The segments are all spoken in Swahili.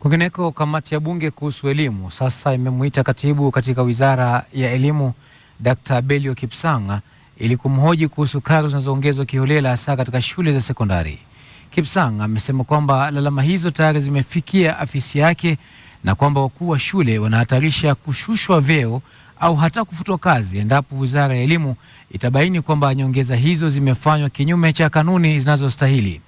Kwingineko, kamati ya bunge kuhusu elimu sasa imemwita katibu katika wizara ya elimu Dr. Belio Kipsang ili kumhoji kuhusu karo zinazoongezwa kiholela hasa katika shule za sekondari. Kipsang amesema kwamba lalama hizo tayari zimefikia afisi yake na kwamba wakuu wa shule wanahatarisha kushushwa vyeo au hata kufutwa kazi endapo wizara ya elimu itabaini kwamba nyongeza hizo zimefanywa kinyume cha kanuni zinazostahili.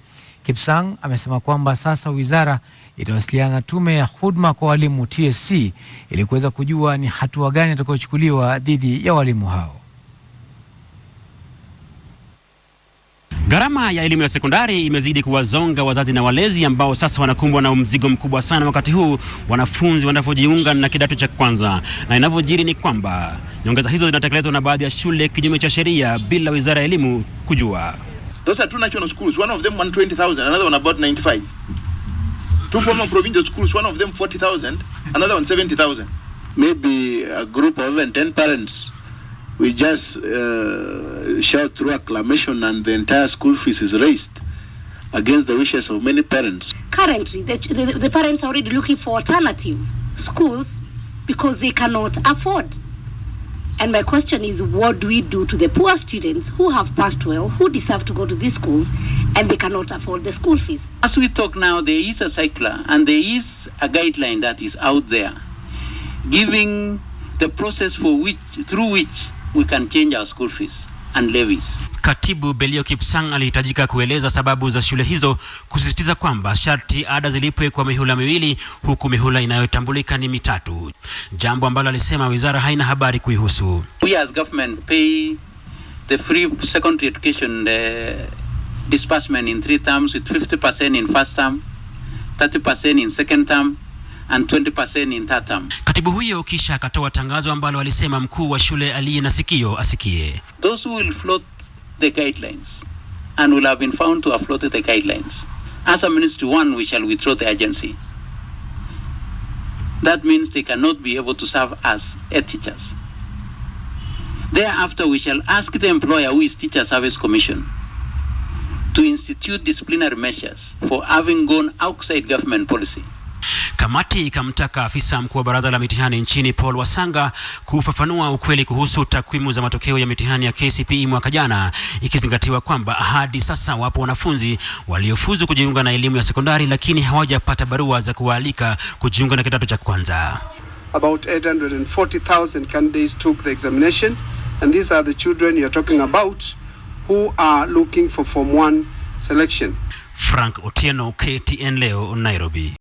Kipsang amesema kwamba sasa wizara itawasiliana na tume ya huduma kwa walimu TSC ili kuweza kujua ni hatua gani itakayochukuliwa dhidi ya walimu hao. Gharama ya elimu ya sekondari imezidi kuwazonga wazazi na walezi ambao sasa wanakumbwa na mzigo mkubwa sana wakati huu wanafunzi wanapojiunga na kidato cha kwanza. Na inavyojiri ni kwamba nyongeza hizo zinatekelezwa na baadhi ya shule kinyume cha sheria bila wizara ya elimu kujua. Those are two national schools. One of them 120,000, another one about 95. Two former provincial schools, one of them 40,000, another one 70,000. Maybe a group of even 10 parents we just uh, shout through acclamation and the entire school fees is raised against the wishes of many parents. Currently, the, the, the parents are already looking for alternative schools because they cannot afford And my question is, what do we do to the poor students who have passed well, who deserve to go to these schools, and they cannot afford the school fees? As we talk now, there is a cycler and there is a guideline that is out there giving the process for which, through which we can change our school fees and levies. Katibu Belio Kipsang alihitajika kueleza sababu za shule hizo, kusisitiza kwamba sharti ada zilipwe kwa mihula miwili, huku mihula inayotambulika ni mitatu, jambo ambalo alisema wizara haina habari kuihusu. We as government pay the free secondary education uh, disbursement in three terms with 50% in first term, 30% in second term and 20% in third term. Katibu huyo kisha akatoa tangazo ambalo alisema mkuu wa shule aliye na sikio asikie. Those who will float the guidelines and will have been found to have floated the guidelines. As a ministry one, we shall withdraw the agency. That means they cannot be able to serve as a teachers. Thereafter, we shall ask the employer who is Teacher Service Commission to institute disciplinary measures for having gone outside government policy. Kamati ikamtaka afisa mkuu wa baraza la mitihani nchini Paul Wasanga kufafanua ukweli kuhusu takwimu za matokeo ya mitihani ya KCPE mwaka jana, ikizingatiwa kwamba hadi sasa wapo wanafunzi waliofuzu kujiunga na elimu ya sekondari lakini hawajapata barua za kuwaalika kujiunga na kidato cha kwanza. About 840,000 candidates took the examination and these are the children you are talking about who are looking for form 1 selection. Frank Otieno, KTN Leo, Nairobi.